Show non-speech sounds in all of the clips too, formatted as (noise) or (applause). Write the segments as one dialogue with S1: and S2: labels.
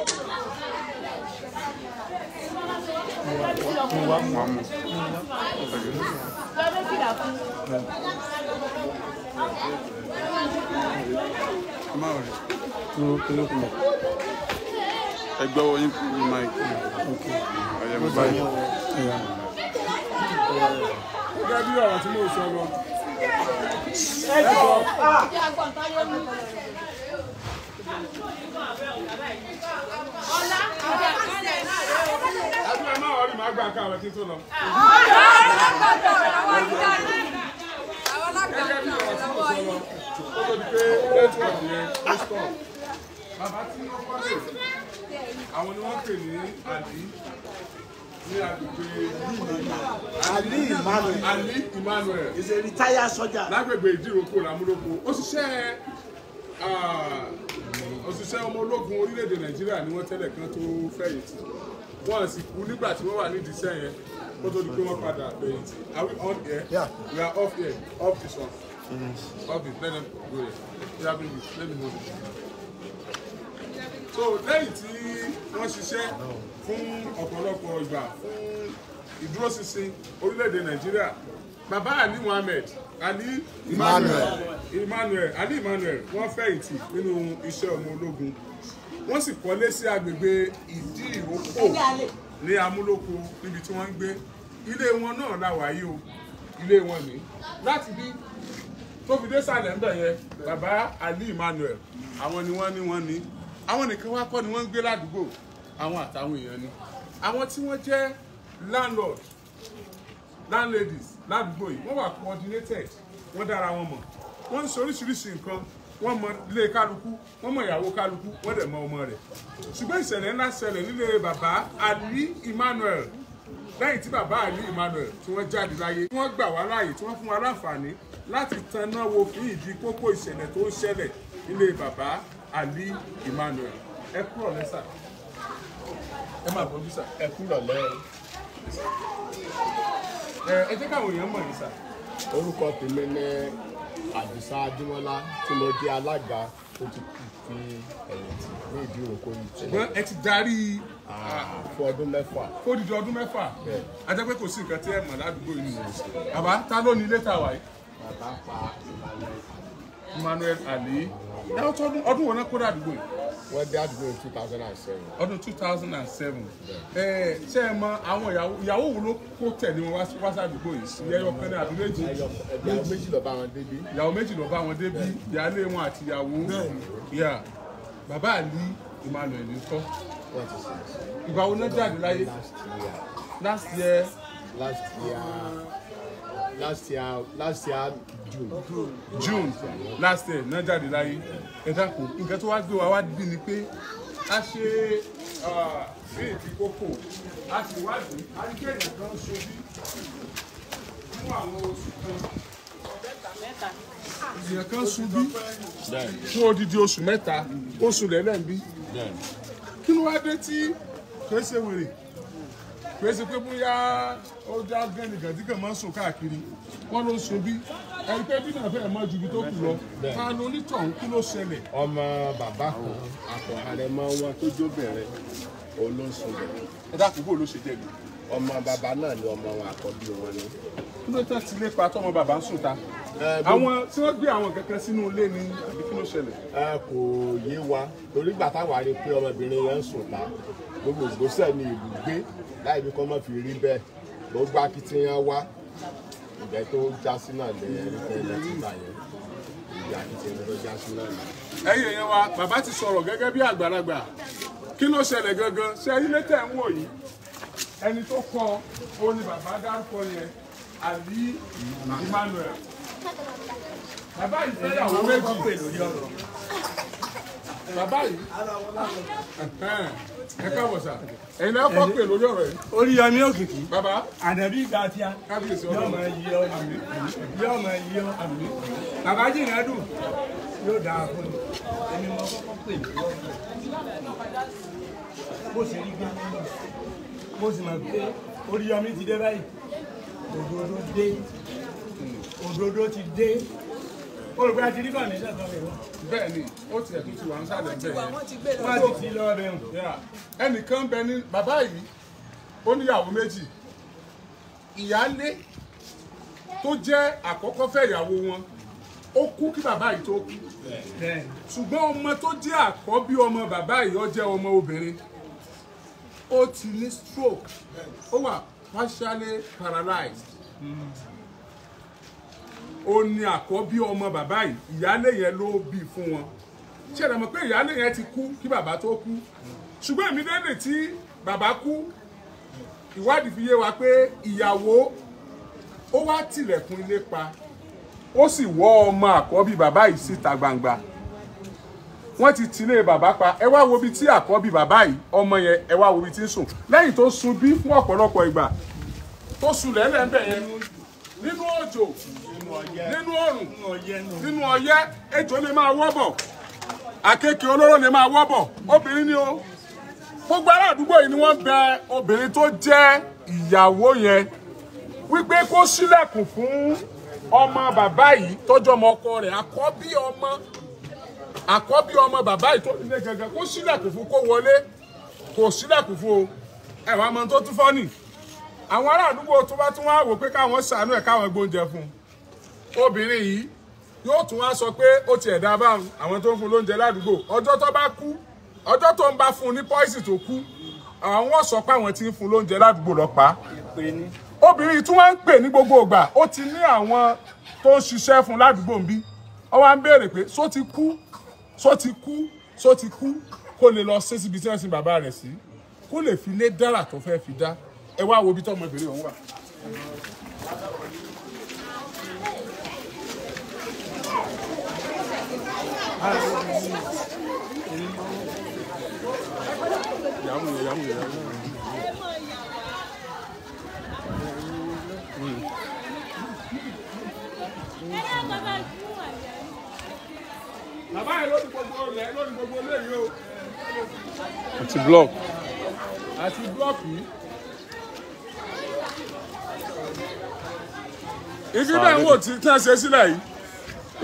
S1: ẹgbẹ́ wo yín kúrú máìkì ọ̀yẹ̀ mú báyìí. gẹ́gẹ́ bí ọ̀rọ̀ tí mo sọ lọ. ẹ̀jọ̀ Àdúrà máa wọrí màá gba àká rẹ̀ kí n tó lọ. Gẹ́gẹ́ bí ọ̀rọ̀ tí mo sọ lọ, ó tóbi pé network yẹn ó stọ̀. Bàbá tí wọ́n kọ́ lè, àwọn ni wọ́n pè ní àdí ní agbègbè Ali Emmanuel. Ali Emmanuel. He's a retired soldier. Lágbègbè Ìdíròkò Làmúlòkò, ó ṣiṣẹ́ uh, òṣìṣẹ́ ọmọ ológun orílẹ̀-èdè nàìjíríà ni wọ́n tẹ́lẹ̀ kan tó fẹ̀yìntì wọ́n sì kú nígbà tí wọ́n wà nídìí iṣẹ́ yẹn kó tó di pé wọ́n padà fẹ̀yìntì are we on air? Yeah. we are off air off this one off it let them go there yeah, let me know so lẹ́yìn tí wọ́n ṣiṣẹ́ fún ọ̀pọ̀lọpọ̀ ìgbà fún ìdúróṣinṣin orílẹ̀-èdè nàìjíríà bàbá ali muhammed ali emmanuel emmanuel ali emmanuel wọ́n fẹ̀yìntì nínú iṣẹ́ ọmọ ológun wọ́n sì kọ́lé sí agbègbè ìdí ìrókò ní amúlòkó níbi tí wọ́n ń gbé ilé wọn náà làwáyé o ilé wọn ní láti bí tó fi dé sàlẹ̀ ń bẹ̀ yẹn bàbá ali emmanuel àwọn ni wọ́n ní wọ́n ní àwọn nìkan wá kọ́ ni wọ́n ń gbé ládùúgbò àwọn àtàwọn èèyàn ni àwọn tí wọ́n jẹ́ landlord landladies ládùúgbò yìí wọ́n wà coordinated wọ́n dára wọn mọ̀ wọ́n ń sọ oríṣiríṣi nǹkan wọ́n mọ ilé kálukú wọ́n mọ ìyàwó kálukú wọ́n dẹ̀ mọ ọmọ rẹ̀ ṣùgbọ́n ìṣẹ̀lẹ̀ ńlá ṣẹlẹ̀ nílé bàbá Ali Emmanuel lẹ́yìn tí bàbá Ali Emmanuel tí wọ́n jáde láyé tí wọ́n gbà wá láàyè tí wọ́n fún wa láǹfààní láti tanná wo fún ìdí kókó ìṣẹ̀lẹ̀ tó ń ṣẹlẹ̀ nílé bàbá Ali Emmanuel ẹ kúrò lẹ́sà ẹ má bọ́jú sà ẹ kúrò lẹ́ ẹ jẹ́ káwọn èèyàn mọ̀ yín sà. orúkọ tèmi ni àdìsá adémọlá tí mo jẹ alága tó ti kú fi ẹ̀yìn tì ní ìdí òkò yìí. ṣùgbọ́n ẹ ti darí. fún ọdún mẹ́fà. ó di ọdún mẹ́fà. a jẹ́ pé kò sí nǹkan tí ẹ mọ̀ ládùúgbò yìí nìyẹn. bàbá ta ló ní ilé tàwa yìí. bàbá pa Emmanuel Ali. Emmanuel Ali. ẹ ọdún wo náà kó dàdúgbò yìí well that been two thousand and seven. ọdún two thousand and seven. Eh, ẹ ṣe é mọ àwọn ìyàwó wo ló kó tẹ̀lé wọn wá sádùúgbò yìí ẹyọ kan náà àbí méjì. ìyàwó méjì ló bá wọn débí. ìyàwó méjì ló bá wọn débí ìyáálé wọn àti ìyàwó bàbá àlí emmanuel ń kọ́. ìgbà wo náà jáde láyé. last year. last year last year last year june june last year náà jáde láyé ẹ dákun nǹkan tó wá gbé wa wá bí ni pé a ṣe bí èdè kókò a sì wádìí a ní kéèyàn kan ṣojú fún àwọn oṣù kan èèyàn kan ṣubí fún odidi oṣù mẹ́ta oṣù lẹ́lẹ́mbí kí ló wá dé tí kò ṣe wèrè pé ṣe pé bóyá ó dá gẹ́nì gàdí kan máa ń sùn káàkiri wọ́n ló ń sun bí ẹni pé bí náà fẹ́ẹ̀ máa ju ibi tó kù lọ ká ló onítọ̀hún kí ló ṣẹlẹ̀. ọmọ bàbá kan àtọ̀hárẹ̀ máa ń wá tó jó bẹ̀rẹ̀ olóńsùn bẹ̀rẹ̀ ẹ dákun bó ló ṣe jẹ́ gbé ọmọ bàbá náà ni ọmọ wọn àkọ́bí wọn ni. kí ló tẹ́ ti lé pa tọ́mọ bàbá ń sùn ta. àwọn tí wọ́n gbé àwọn kankan sínú ilé ni àbí kí ló ṣẹlẹ̀. ẹ kò yé wa torí gbàtà wà rí pé ọmọbìnrin yẹn ń sùn ta gbogbo ìgbésẹ̀ ni ìlú gbé láì ní kó má fi rí bẹ́ẹ̀ ló gbá akitiyan wá ìgbẹ́ tó já sí náà lè ẹni tẹ́ ilẹ̀ ti bà yẹn ìgbẹ́ akitiyan tó já sí náà lè. ẹ̀yin èèyàn wa bàbá ti sọ̀rọ̀ gẹ́gẹ́ bí àgbàlagbà kí ló ṣẹlẹ̀ gangan ṣe ilé tẹ̀ ń wò yìí ẹni tó kọ ó ní bàbá dárúkọ yẹn àbí Emmanuel bàbá ìfẹ́yàwó méjì bàbá yìí ẹ káàbọ̀ sà ẹ̀yin náà kọ́ pè lórí ọ̀rọ̀ yìí. Oríyọmí Òkìkí. bàbá. àdàbí ìgbà tí a. kábíyèsí ọlọ́run yóò máa yí ọ yóò máa yí ọ. bàbá jìnnà dùn yóò dáa fún mi èmi mo kọ́kọ́ pè mí lọ́wọ́
S2: bó ṣe rí gbé lọ́wọ́ bó sì máa gbé Oríyọmí ti dé báyìí
S1: òdodo dé òdodo ti olùgbé àti rí bàmí ṣe àtàwọn ẹ̀wọ̀n. bẹ́ẹ̀ni ó tiẹ̀ tó ti wà ń sálẹ̀ bẹ́ẹ̀ wọ́n ti ti lọ rẹ̀ hùn. ẹnìkan bẹ ní bàbá yìí ó níyàwó méjì ìyáálé tó jẹ́ àkọ́kọ́ fẹ̀yàwó wọn ó kú kí bàbá yìí tó kú ṣùgbọ́n ọmọ tó jẹ́ àkọ́bí ọmọ bàbá yìí ó jẹ́ ọmọ obìnrin ó ti ní stroke ó wà partially paralyzed. Hmm ó ní àkọ́bí ọmọ bàbá yìí ìyáálé yẹn ló bí fún wọn ṣe é mọ̀ pé ìyáálé yẹn ti kú kí bàbá tó kú ṣùgbọ́n èmi lẹ́lẹ̀ tí bàbá kú ìwádìí fi yé wa pé ìyàwó ó wá tilẹ̀kùn ilé pa ó sì wọ́ ọmọ àkọ́bí bàbá yìí síta gbangba wọ́n ti tilé bàbá pa ẹ wá wo bí tí àkọ́bí bàbá yìí ọmọ yẹn ẹ wá wo bí tí ń sùn lẹ́yìn tó sun bí fún ọ̀pọ̀lọpọ̀ ìgbà nínú òjò nínú òrùn nínú ọyẹ́ ejò lè máa wọ́ bọ̀ àkekè olóró lè máa wọ́ bọ̀ obìnrin ni o gbogbo ará àdúgbò yìí ni wọ́n bẹ obìnrin tó jẹ́ ìyàwó yẹn wípé kó sílẹ̀kùn fún ọmọ bàbá yìí tọ́jú ọmọ ọkọ rẹ̀ àkọ́bí ọmọ àkọ́bí ọmọ bàbá yìí tó nílé gẹ́gẹ́ kó sílẹ̀kùn fún kó wọlé kó sílẹ̀kùn fún o ẹ̀wọ̀n àmọ́ tó tún fọ́ nìyí àwọn ará àdúgbò tó bá tún wá wò pé káwọn ṣàánú ẹ̀ káwọn gbóúnjẹ fún un obìnrin yìí yóò tún wá sọ pé ó tiẹ̀ dá báwọn àwọn tó ń fún lóúnjẹ ládùúgbò ọjọ́ tó bá kú ọjọ́ tó ń bá fún un ní pọ́ìsì tó kú àwọn sọ pé àwọn tí ń fún lóúnjẹ ládùúgbò lọ pa obìnrin yìí tún wá ń pè ní gbogbo ìgbà ó ti ní àwọn tó ń ṣiṣẹ́ fún ládùúgbò ń bí ó wá ń béèrè pé só ti kú só ti kú só ti kú kó lè lọ sí síbi tí wọ́n sin bàbá rẹ̀ sí kó lè fi lé dára tó fẹ́ fi dá ẹ wá wo ibi tí ọmọbìnrin ọ̀hún wà. Àti blọọkù. Àti blọọkù yìí. ibi bẹ́ẹ̀ ń wò tí tán ṣe sílẹ̀ yìí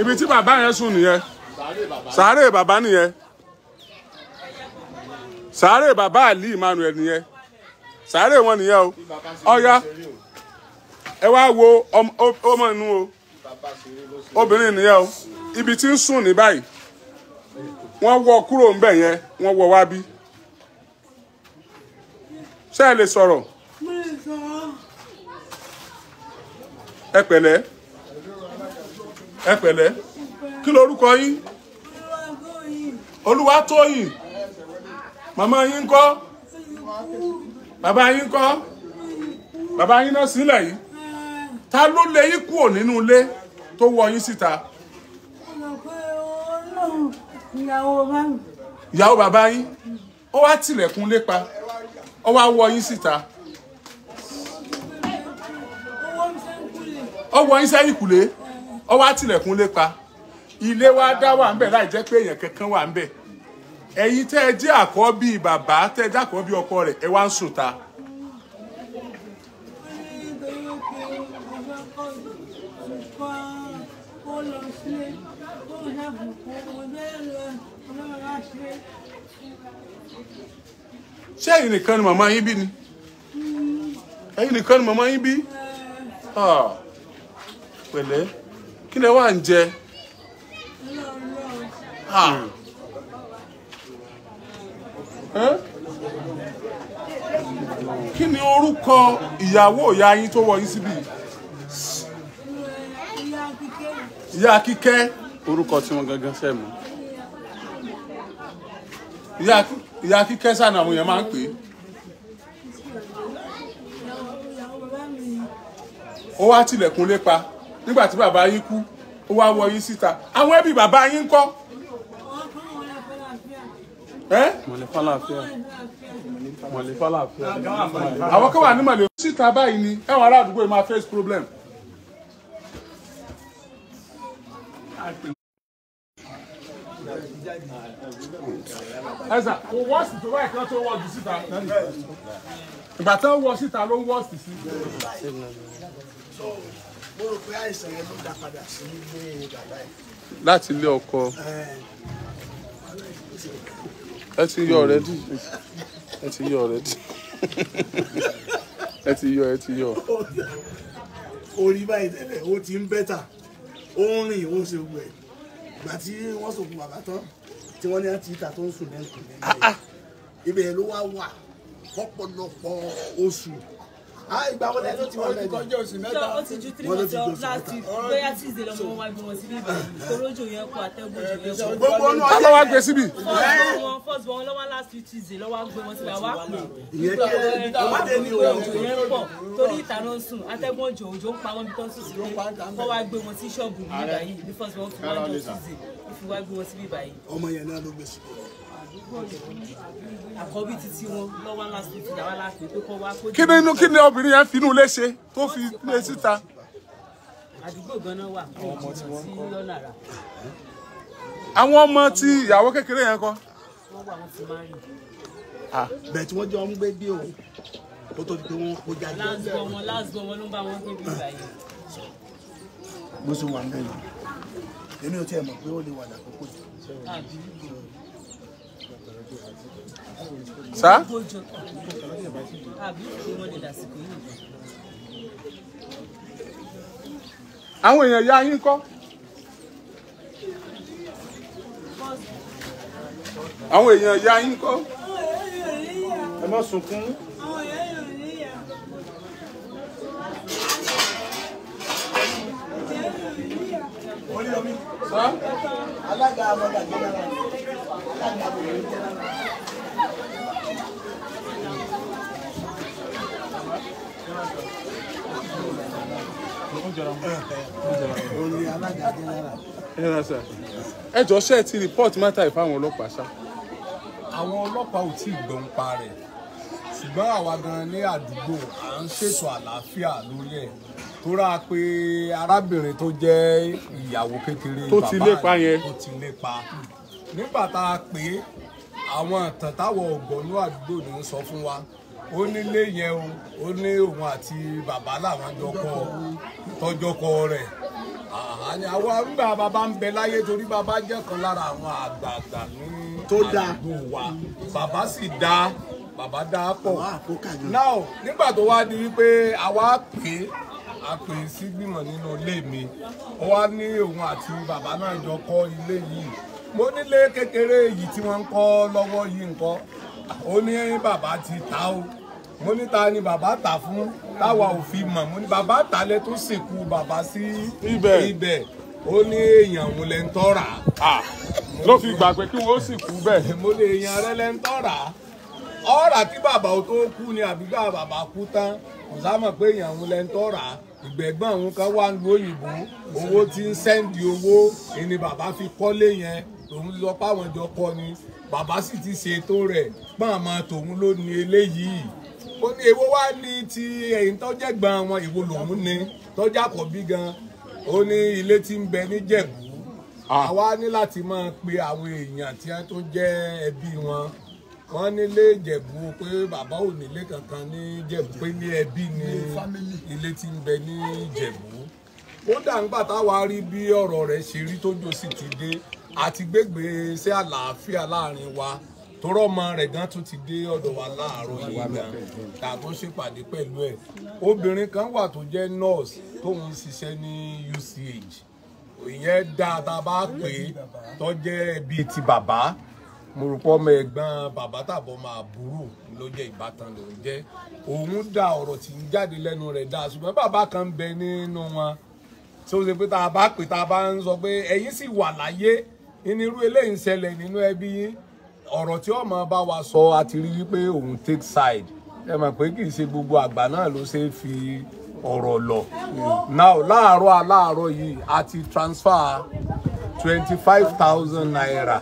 S1: ibi tí bàbá yẹn sùn nìyẹn sàárè bàbá nìyẹn sàárè bàbá àlì Emmanuel nìyẹn sàárè wọn nìyẹn o ọ̀ya ẹ wá wo ọmọ inú o obìnrin nìyẹn o ibi tí ń sùn ní báyìí wọ́n wọ́ kúrò yẹn wọn wọ wá bí ṣé lè sọ̀rọ̀. ẹ pẹ̀lẹ́ ẹ pẹ̀lẹ́ kí lorúkọ yín Olúwatóyìn màmá yín ń kọ́ bàbá yín ń kọ́ bàbá yín náà sílẹ̀ yìí ta ló lé yín kúrò nínú ilé tó wọ yín síta. ìyàwó bàbá yín ó wá tilẹ̀kùn lépa ó wá wọ yín síta. ọwọ́ yín sẹ́yìn kùlé ọwọ́ àtìlẹ̀kùn lé pa ilé wa dá wà ń bẹ̀ láì jẹ́ pé èèyàn kankan wà ń bẹ̀ ẹ̀yin tẹ́ ẹ jẹ́ àkọ́bí bàbá tẹ́ ẹ jẹ́ àkọ́bí ọkọ rẹ̀ ẹ wá ń sùta. ṣé ẹ̀yin nìkan ni màmá yín bí ni ẹ̀yin nìkan ni màmá yín bí. Ah pẹ̀lẹ́ kí lẹ wá ń jẹ. kí ni orúkọ ìyàwó ìyá yín tó wọ yín síbí. ìyá kíkẹ́ orúkọ tí wọ́n gangan fẹ́ mu. ìyá kíkẹ́ sànà àwọn èèyàn máa ń pè é. ó wá tilẹ̀kùn lépa nígbà tí bàbá yín kú ó wá wọ yín síta àwọn ẹbí bàbá yín ńkọ́. àwọn kan wà ní mọ̀lẹ́ síta báyìí ni ẹ̀wọ̀n ará àdúgbò yìí máa face problem. ẹ̀sà kò wọ́ọ̀sì tó báyìí kan tó wọ́ọ̀sì síta ìgbà tó ń wọ síta ló ń wọ́ọ̀sì sí
S2: mo rò pé àìsàn yẹn ló dá padà sí ilé bàbá yìí.
S1: láti ilé ọkọ ẹ ti yọ already ẹ ti yọ already ẹ ti yọ ẹ ti yọ.
S2: orí báyìí tẹ́lẹ̀ ó ti ń bẹ́tà ó ń rìn ó ń ṣe gbẹ̀ ìgbà tí wọ́n sòkun bàbá tán tí wọ́n ní àti ìta tó ń sùn lẹ́nu ah, ah. ibẹ̀ ló wá wà fọ́pọ̀lọpọ̀ oṣù Ah, ìgbà wọlé tó ti wọlé kọjá last tuesday
S1: lọmọ wa bí first wọn eh? lọ́wọ́ last tuesday lọ́wọ́ gbé wọn síbi àwa pọ̀ torí ìta sùn àtẹgbò òjò òjò ń pa wọn bí tó ń sùn sílé kó wa gbé wọn sí ṣọ́ọ̀bù bíbá yìí bí first wọn fi wá jọ tuesday gbé wọn sí bíbá ọmọ yẹn náà ló gbé síbi àkọ́bí títí wọn lọ́wọ́ last week ìyàwó last week pé kọ́ wá kó. kí ni inú kí ni obìnrin yẹn fi inú ilé ṣe tó fi lé síta. àdúgbò ganan wà tí wọ́n ń kọ́. àwọn ọmọ tí ìyàwó kékeré yẹn kọ́. wọ́n wà wọ́n ti máa rìn. bẹ́ẹ̀ tí wọ́n jọ ń gbé bí o kó tó di pé wọ́n kó jáde. láàzù ọmọ
S2: láàzù ọmọ ló ń bá wọn
S1: gbé bí ìgbà wà ń bẹ̀rẹ̀ èmi ò tiẹ̀ mọ̀ pé ó lè wà lákòókò yìí sá. àwọn èèyàn ya yín kọ́. àwọn èèyàn ya yín kọ́. ẹ má sunkún. alága amọ̀dàgbẹ́dára ẹ jọ ṣe ti report matter ìfáwọn ọlọ́pàá ṣá.
S2: àwọn ọlọ́pàá ò tí ì gbọ́n pa rẹ̀ ṣùgbọ́n àwa gan ní àdúgbò à ń ṣètò àlàáfíà lórí ẹ̀ tó rà pé arábìnrin tó jẹ́ ìyàwó kékeré bàbá rẹ̀ tó ti lépa nígbà tá a pè é àwọn ìtàn táwọn ọ̀gbọ́nú àdúgbò ní ń sọ fún wa ó nílé yẹn o ó ní òun àti bàbá làwọn jọkọ tọjọkọ rẹ̀ àní àwa ńgbà bàbá ń bẹ láyé torí bàbá jẹ́ kan lára àwọn àgbààgbà ní àdúgbò wa bàbá sì dá bàbá dá pọ̀ náà nígbà tó wá di wípé àwa pè é àpè sígbìmọ̀ nínú ilé mi ó wá ní òun àti bàbá náà jọ kọ́ ilé yìí mo nílé kékeré yìí tí wọ́n ń kọ́ lọ́wọ́ yìí nǹkan ó ní bàbá ti ta o mo ní ta ni bàbá tà fún táwa ò fi mọ̀ mo ní bàbá tà lẹ tó sìnkú bàbá sí ibẹ̀ ó ní èèyàn òun lẹ ń tọ́ra. ló fi gbà pé kí wọ́n sì bẹ́ẹ̀. (laughs) mo ní èèyàn rẹ lẹ ń tọ́ra ọ̀rà tí bàbá ò tó kú ni àbígbà bàbá kú tán kò sámọ̀ pé èèyàn òun lẹ ń tọ́ra ìgbẹ̀gbọ́n òun kan wà ń lu owó tí ń sẹ́ndì owó ni bàbá fi kọ́lé yẹn òun lọ páwọn jọ kọ ni bàbá sì ti ṣètò rẹ̀ pàmò tòun ló ní eléyìí ó ní èwo wá ní ti ẹ̀yìn tọ́jẹ̀gbọ́n wọn èwo lòun ní tọ́jà pọ̀ gan ó ní ilé tí ń bẹ níjẹ̀bú àwa ah. ní láti máa pe àwọn èèyàn tí wọ́n tó jẹ́ ẹbí wọn wọ́n nílé ìjẹ̀bú pé bàbá ò nílé kankan ní ìjẹ̀bú pé ní ẹbí ni ilé tí ń bẹ ní ìjẹ̀bú ó dà ń gbà táwa rí bí ọ̀rọ̀ rẹ̀ ṣe rí tójó sì ti dé àti gbégbé sí àlàáfíà láàrin wa torọ ọmọ rẹ̀ gan tún ti dé ọ̀dọ̀ wa láàárọ̀ yìí gan ta tó ṣèpàdé pẹ̀lú ẹ̀ obìnrin kan wà tó jẹ́ nurse tóun ń ṣiṣẹ́ ní UCH ìyẹn dáa tá a bá pè é tó jẹ́ ẹbí ti bàbá mo rò pé ọmọ ẹ̀gbọ́n bàbá tàbọ̀ máa burú ló jẹ́ ìbátan ló ń jẹ́ òun da ọ̀rọ̀ tí ń jáde lẹ́nu rẹ̀ dáa ṣùgbọ́n bàbá kan ń bẹ nínú wọn tí ó ṣe pé tá a bá pè tá a bá ń sọ pé ẹ̀yin sì wà láyé ìnirú eléyìí ń ṣẹlẹ̀ nínú ẹbí yín ọ̀rọ̀ tí ọmọ bá wa sọ a ti rí wípé òun take side ẹ mọ̀ pé kì í ṣe gbogbo àgbà náà ló ṣe fi ọ̀rọ̀ lọ. now láàárọ̀ aláàárọ̀ yìí a ti transfer twenty five thousand naira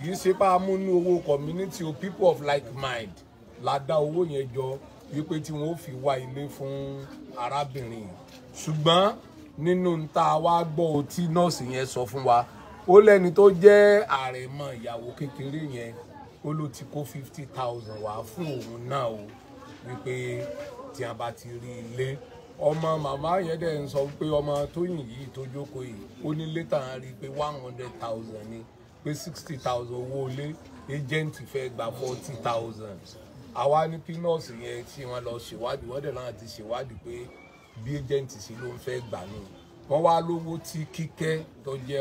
S2: kì í ṣe pé a mú ní owó community of people of like mind la dá owó yẹn jọ wípé tí wọn ó fi wá ilé fún arábìnrin ṣùgbọ́n nínú ta wá gbọ́ ọtí nọ́ọ̀sì yẹn sọ fún wa ó lẹ́ni tó jẹ́ àrẹ̀mọ ìyàwó kékeré yẹn ó ló ti kó fifty thousand wá fún òun náà o wípé tí a bá ti rí ilé ọmọ màmá yẹn dẹ̀ ń sọ pé ọmọ tóyìn yìí tó jókòó yìí ó ní létà ń rí pé one hundred thousand ni pé sixty thousand owó ilé agent fẹ́ gba forty thousand àwa ní pinọ́ọ̀sì yẹn tí wọ́n lọ ṣèwádìí wọ́n dẹ̀ láti ṣèwádìí pé bí agent sí ló ń fẹ́ gbà nù wọ́n wá lówó tí kíkẹ́ tó jẹ́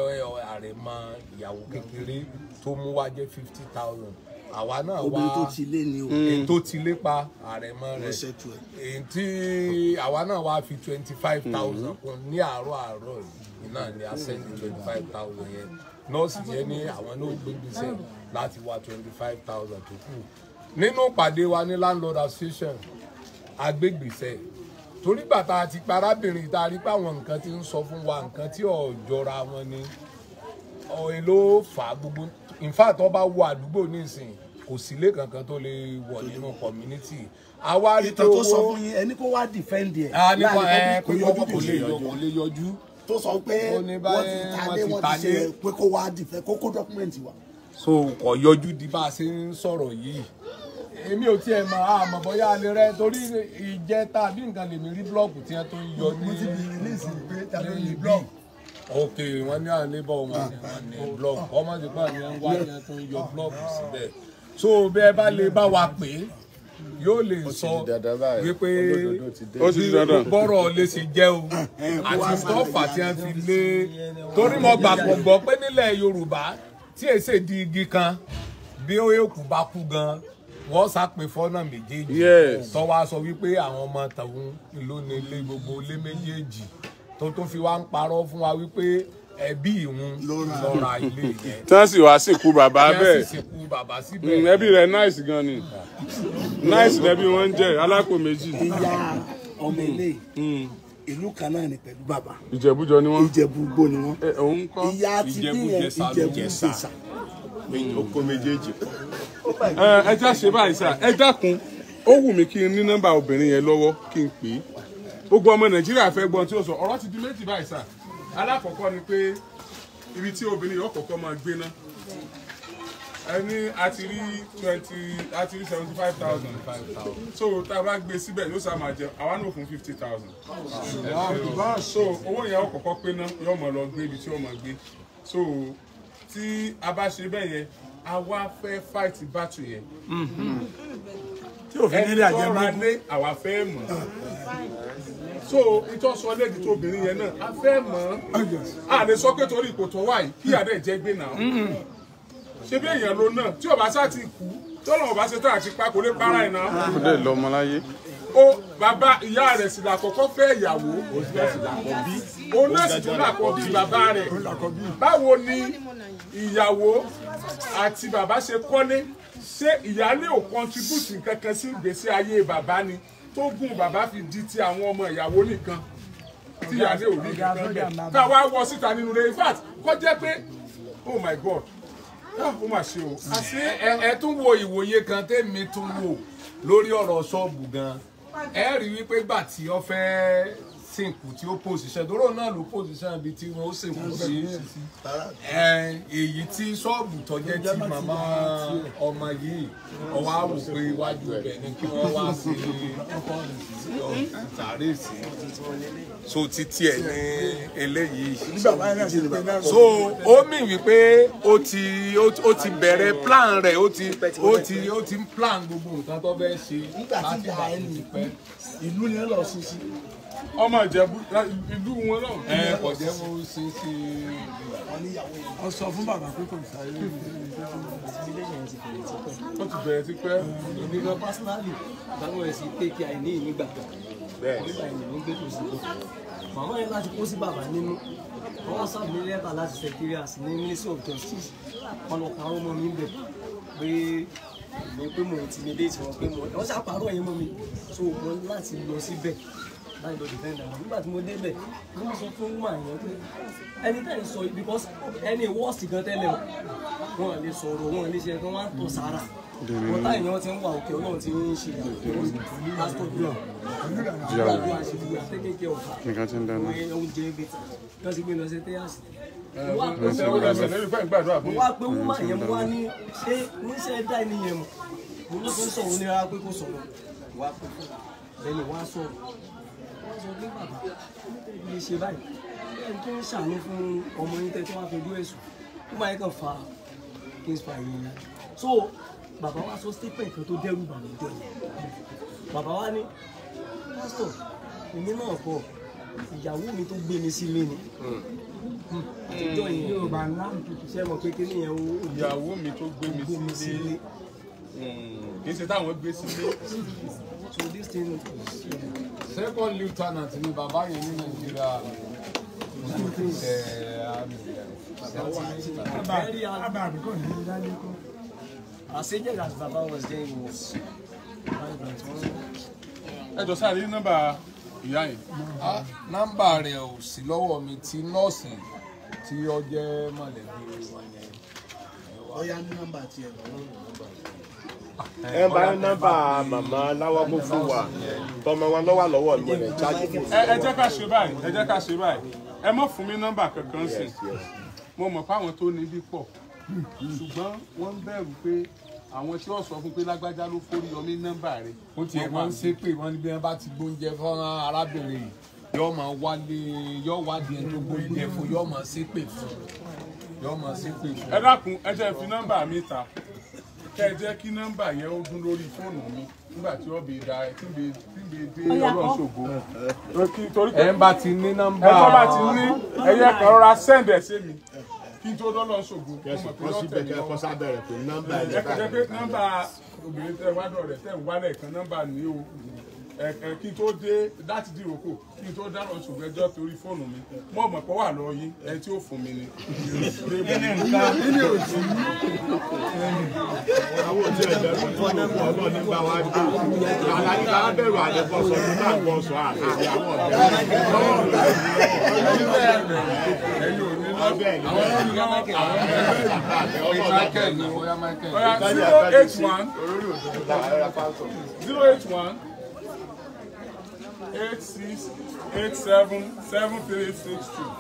S2: àrẹ̀mọ ìyàwó kékeré tó mú wá jẹ́ fifty thousand àwa náà wá obìnrin tó ti lé ni o ètò ti lé pa àrẹ̀mọ rẹ̀ èyí tí àwa náà wá fi twenty five thousand kún ní àárọ̀ àárọ̀ yìí náà ni a sẹ́ni twenty five thousand yẹn nọ́ọ̀sì yẹn ní àwọn náà gbégbèsè láti wá twenty five thousand tó kù nínú ìpàdé wa ní landlord association agbègbèsè torí bàtà àti parábìnrin tá a rí pé àwọn nǹkan ti ń sọ fún wa nǹkan tí ò jọra wọn ni ọ̀hìn ló fà á gbogbo in fact tó bá wọ àdúgbò nísìn kò sílé kankan tó lè wọ nínú community àwa rí pé owó ìtàn tó sọ fún yín ẹni kó wá defend ẹ láàrin kó yọjú kò lè yọjú tó sọ pé wọ́n ti talé wọ́n ti ṣe pé kó wá defend kó kó dọ́kúmẹ̀ntì wa. so kò yọjú di bá a ṣe ń sọ̀rọ̀ yìí èmi ò tiẹ̀ mọ̀ àmọ̀ bóyá alẹ́ rẹ torí ìjẹta àbí nǹkan lèmi rí blọọkù tí tó ń yọ ní mo ok wọn ah, ní àlébọ̀ wọn ní blọọkù ọmọ ti pa ní wá ní wọ́n tó ń yọ ah, blọọkù ah. síbẹ̀ so bí ẹ bá lè bá wa pè é yóò lè sọ wípé bọ́rọ̀ lè sì jẹ́ o eh, àti stọ́ọ̀fù àti àti lé torí mo gbà pọ̀ gbọ́ pé nílẹ̀ Yorùbá tí èsè di igi kan bí ó yẹ kù bá kú gan-an wọ́n sápè fọ́nà méjèèjì tó wá sọ wípé àwọn ọmọ tòun ló ilé gbogbo ilé méjèèjì tó tó fi wá ń parọ́ fún wa wípé ẹbí ìhun lọ́ra ilé
S1: yẹn. tí sì wá sìnkú bàbá bẹ́ẹ̀ mm, ẹbí rẹ̀ náìsì gan ni náìsì lẹ́bí wọ́n ń jẹ́ alákò méjì. ìyá ọmọ mm. ilé mm. ìlú kan náà ni pẹ̀lú bàbá. ìjẹ̀bújọ ni wọ́n. ìjẹ̀búgbò ni wọ́n. Eh, ìyá ti bí yẹn ìjẹ̀bú jẹ̀sà. oko méjèèjì ẹ já ṣe báyìí sá ẹ dákun ó wù mí kí n ní nọ́mbà obìnrin yẹn lọ́wọ́ kí n pè é gbogbo ọmọ nàìjíríà fẹ́ gbọ́n tí ó sọ ọ̀rọ̀ ti di méjì báyìí sá alákọ̀ọ́kọ́ ni pé ibi tí obìnrin yóò kọ́kọ́ máa gbé ná ẹni àti rí twenty àti rí seventy five thousand so tá a bá gbé síbẹ̀ yóò sá máa jẹ àwa náà fún fifty thousand so owó yẹn ó kọ́kọ́ pé ná yóò máa lọ gbé ibi tí yóò máa gbé so tí a bá ṣe bẹ́ẹ̀ yẹn àwa fẹ́ fight battle yẹn.
S2: tí òfin nílé àjẹmọ́ ẹni tọ́ra lé
S1: àwa fẹ́ mọ̀ so ìtọ́sọ lẹ́ẹ̀dì tó obìnrin yẹn náà a fẹ́ mọ̀ á ah, lè sọ pé torí ipò tó wà yìí kí adé jẹ́ gbé náà ṣé bí èèyàn ló náà tí ọba sá ti kú tọ́lọ̀ ọba ṣe tán àti pa kò lè para ẹ̀ náà. kò lè lọ ọmọ láyé. ó bàbá ìyá rẹ̀ sì làkọ́kọ́ fẹ́ ìyàwó òun náà sì tún làkọ́ bí bàbá rẹ̀ báwo ni ìyàwó àti bàbá ṣe kọ́lé ṣé ìyálé ò kọntribútì kankan sí ìgbésí ayé bàbá ni tó gùn bàbá fi di ti àwọn ọmọ ìyàwó nìkan tí ìyálé ò rí nìkan bẹ́ẹ̀ ká wá wọ síta nínú rẹ̀ in kó jẹ́ pé oh my god ah, ó mà ṣe o. àṣé ẹ tún wo ìwòye kan tèmi tún
S2: wò lórí ọ̀rọ̀ ṣọ́ọ̀bù gan-an ẹ rí wípé gbà tí ó fẹ́ẹ́ sìnkú tí ó pòsíṣẹ́ dóró náà ló pòsíṣẹ́ ibi tí wọ́n ó sìnkú sí èyí tí ṣọ́ọ̀bù tọ́jẹ́ tí màmá ọmọ yìí ọwọ́ àwò pé iwájú ibẹ̀ ni kí wọ́n wá sí sàárè sí so títí ẹ̀ ní eléyìí so ó mì wípé ó ti ó ti bẹ̀rẹ̀ plan re o ti o ti o ti plan gbogbo nǹkan tó fẹ́ ṣe láti bàtí pẹ́. ìlú ni ẹ lọ sí ọmọ ìjẹ̀bú ìlú wọn náà. ẹ kò jẹ́ mo ṣe ṣe wọ́n sọ
S1: fún bàbá pé kò sáré rẹ̀. ó ti bẹ̀rẹ̀ ti pẹ́. èmi gan pásítálì táwọn ẹ̀ sì pé kí àìní ìnígbà kan nígbà ìnìyàn gbé kò sí kò
S2: màmá yẹn láti kó sí bàbá nínú wọ́n sábà lẹ́tà láti secretariat ní ministry of justice ọlọ́pàá àwọn ọmọ mi ń bẹ̀ pé mo pé mo intimidate wọn pé mo wọ́n ṣàpàrọ̀ yẹn mọ́ mi so mo láti lọ síbẹ̀ láì lọ defend àwọn nígbà tí mo débẹ̀ mo sọ fún wúmà yẹn pé ẹni tẹ́ sọ because ẹni wọ́ọ̀sì gan tẹ́lẹ̀ o wọn lè sọ̀rọ̀ wọn lè ṣe ẹ̀kan wọn á tọ̀ sára wọn táyì ni wọn ti ń wà òkè
S1: ọlọ́run ti ń ṣe pásítọ̀ bí wọn gbàdúrà ṣe fún àtẹ́kẹ́kẹ́ ọ̀fà
S2: oúnjẹ ibi tó ti gbé lọ sí tẹ́yàsì mo wá pé wúmà yẹn mo wá ní
S1: ṣé níṣẹ́ dá ẹni yẹn mọ̀ mo ló fi ń sọ̀rọ̀ ní rárá pé kò sọ̀rọ̀ wá pé fún mi lẹ́nu wọ́n sọ pé bàbá nítorí lè ṣe báyìí
S2: ẹni tó ń ṣàánú fún ọmọ yín tẹ́tí wọ́n á fojú ẹ̀sùn ó máa ń kàn fa kíńspa yìí ni so bàbá wa sọ statement kan tó dẹ́rù bàmí jọ yẹn bàbá wa ní pásítọ̀ èmi náà kọ ìyàwó mi tó gbé mi sílé ni hmm. àtijọ́ yìí yóò bá ńlá hmm. ṣe mọ̀ mi so this thing is second lieutenant ni bàbá yẹn ní nàìjíríà ẹ̀ àmì
S1: àṣejẹ́ that bàbá was there was ẹ jọ sáré ní nọ́mbà ìyá yìí.
S2: nọ́mbà rẹ̀ ò sí lọ́wọ́ mi ti nọ́ọ̀sì tí ó jẹ́ mọ̀lẹ́bí wa yẹn. ó ní nọ́mbà tiẹ̀ lọ́wọ́
S1: ẹ bá nọ́mbà màmá láwágbó fún wa tọmọ wa lọ́wọ́ lọ́wọ́ ni mo lè jáde fún wa. ẹ jẹ́ ká ṣe báyìí ẹ jẹ́ ká ṣe báyìí ẹ mọ̀ fún mi nọ́mbà kankan sí mo mọ̀ fáwọn tó níbí pọ̀ ṣùgbọ́n wọ́n ń bẹ̀rù pé àwọn tí wọ́n sọ fún pé lágbájá ló forí yọ ní nọ́mbà rẹ̀. ó ti ẹ̀ wọ́n ń ṣe
S2: pé wọ́n ní bí wọ́n bá ti gbóúnjẹ fọ́nrán arábìnrin yìí yóò máa wálé yóò wádìí ẹni tó gbóúnjẹ fún yóò máa ṣépè fún yóò máa ṣépè fún. ẹ dákun
S1: ẹ jẹ́ fi nọ́mbà mi ta kẹ́ ẹ jẹ́ kí nọ́mbà yẹn ó dún lórí fóònù mi nígbà tí ó bèè da ẹ tí bèè tí bèè dé ọlọ́run
S2: ṣògo. ẹ ń bá ti ní nọ́mbà. ẹ tó bá ti ní ẹyẹ kan
S1: rọra send ẹ sí mi kí n tó dọ́lọ́ ṣògo. kẹsì kọ́ síbẹ̀ kẹ́ kọ́ sábẹ̀rẹ̀ pé nọ́mbà ẹ kẹ́kẹ́ pé nọ́mbà obìnrin tẹ wádọ̀ rẹ̀ tẹ̀ ń wálẹ̀ kan nọ́mbà ní o ẹ̀ẹ̀kan kí n tó dé láti di ìrókò kí n tó dáná ṣùgbọ́n ẹjọ́ torí fóònù mi mo mọ̀ pé wà lọ yín ẹ tí ó fún mi ni. kíni nǹkan kíni òsì. àwọn òjò ẹ̀jẹ̀ ló tó ló kọ́ lọ nígbà wá dé àlá nígbà wá bẹ̀rù àlẹ́kọ̀ sọ ní bá gbọ́ sọ àlẹ́ àwọn ọ̀bẹ. Zero eight one zero eight one eight six eight seven seven three six two.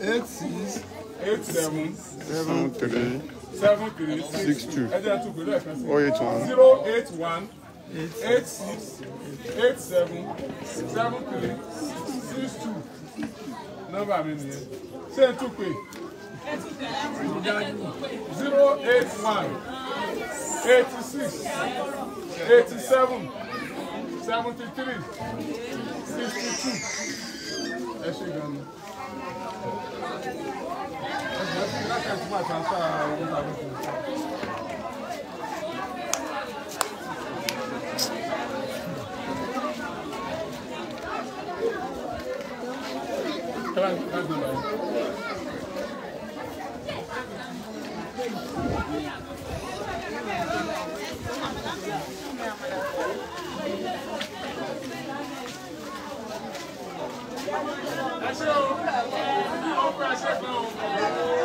S1: eight six eight seven seven three seven three six two. oh eight one zero eight one eight six eight seven seven three six two. nọ́mbà mi nìyẹn ṣé n tún pè. zero eight one eighty six eighty seven. 73, 62. É chegando. Graças a Deus, tá alguma coisa. Traz, traz o Thank you. ẹ ṣe o ẹ ní ọkùnrin àṣẹ kan o.